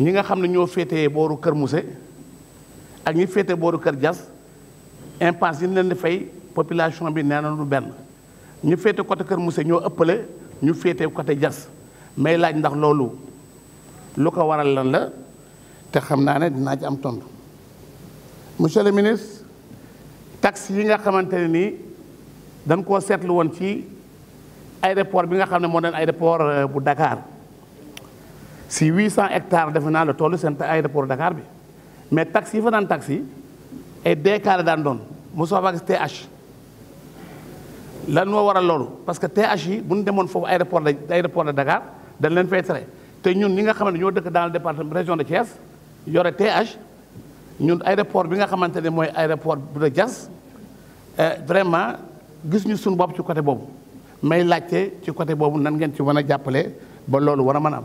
ñi nga xam ne ñoo féetee booru Kër Mousse ak ñi féete booru Kër jas impasse yi ñu leen di fay population bi nee na lu benn ñu féete côté Kër Mousse ñoo ëppale ñu féete côté jas may laaj ndax loolu lu ko waral lan la te xam naa ne dinaa ci am tontu monsieur le ministre taxe yi nga xamante ne nii dañ koo seetlu woon ci aéroport bi nga xam ne moo doon aéroport euh, bu dakaar si 800 hectares defe le la toll seen aéroport Dakar bi mais taxi yi fa daan taxi et décaré daan doon mosoo fa gis TH lan moo waral loolu parce que TH yi demone fofu aéroport de aéroport de Dakar dañ leen fay tere te ñun ñi nga xamante ñoo dëkk dans le département région de Thiès yoré TH ñun aéroport bi nga xamanté ne mooy aéroport bu de euh vraiment gis ñu suñu bopp ci côté bobu may laccé ci côté bobu nan ngeen ci mën jappalé ba lolu wara mëna am.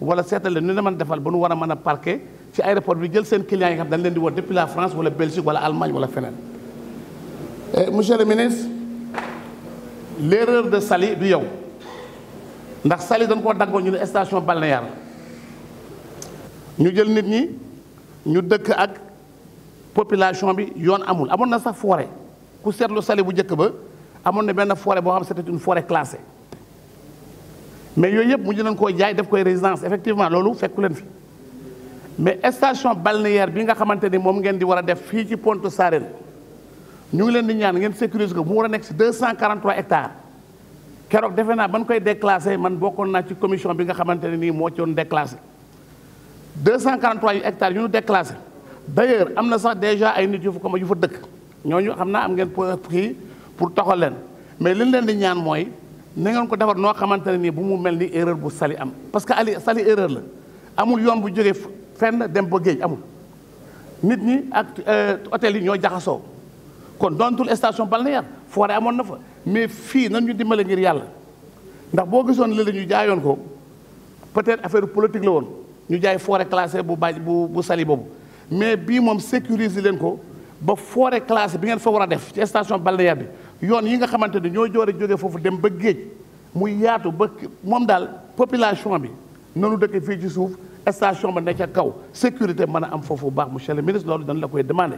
wala seetal leen nu ne man defal ba ñu war a mën a parqué ci aéroport bi jël seen client yi nga xam dañ leen di woo depuis la France wala Belgique wala Allemagne wala feneen. Eh, monsieur le ministre l'erreur de Sali du yow ndax Sali dañ koo daggoo ñu ne station balnéaire ñu jël nit ñi ñu dëkk ak population bi yoon amul amoon na sax forêt ku seetlu Sali bu njëkk ba amoon na benn forêt boo xam c'était une forêt classée mais yooyu yëpp mujj nañ ko jaay def koy résidence effectivement lolu fekku leen fi mais station balnéaire bi nga xamanteni mom ngeen di wara def fi ci Pointe Sarène ñu ngi leen di ñaan ngeen sécuriser ko mu wara a ci 243 hectares Kérok defé na ban koy déclassé man bokon na ci commission bi nga xamanteni ni nii ci déclassé 243 hectares ñu déclassé d'ailleurs amna sax déjà ay nit yu fa ko yu fa dëkk ñooñu xam naa am ngeen kii pour toxal leen mais liñ ñu leen di ñaan moy na ngeen ko defar noo xamante ne nii bu mu mel ni erreur bu sali am parce que ali sali erreur la amul yoon bu jógee fenn dem ba géej amul nit ñi ak euh, hôtel yi ñoo jaxasoo kon doontul station balnéaire foore amoon na fa mais fii nan ñu dimbale ngir yàlla ndax boo gisoon li la ñu jaayoon ko peut-être affaire politique la woon ñu jaay forêt classée bu baaj bu sali boobu mais bii moom sécuriser leen ko ba forêt classée bi ngeen fa war a def ci station balnéaire bi yoon yi nga xamante ne ñoo joore jóge foofu dem ba géej muy yaatu ba moom daal population bi noonu dëkk fii ci suuf station ba nekk ca kaw sécurité mën a am foofu bu baax monsieur le ministre loolu dañ la koy demandé